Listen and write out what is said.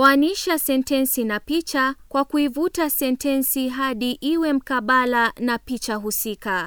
Oanisha sentensi na picha kwa kuivuta sentensi hadi iwe mkabala na picha husika.